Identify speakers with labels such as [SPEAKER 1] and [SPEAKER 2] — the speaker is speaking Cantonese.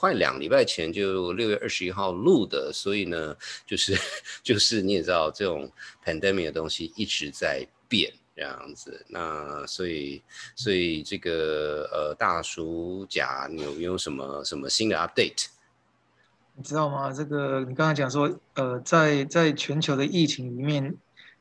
[SPEAKER 1] 快兩禮拜前就六月二十一號錄的，所以呢，就是就是你也知道，這種 pandemic 的東西一直在變，這樣子。那所以所以這個呃，大暑假你有沒有什麼什麼新的 update？
[SPEAKER 2] 你知道嗎？這個你剛才講說呃，在在全球的疫情裏面。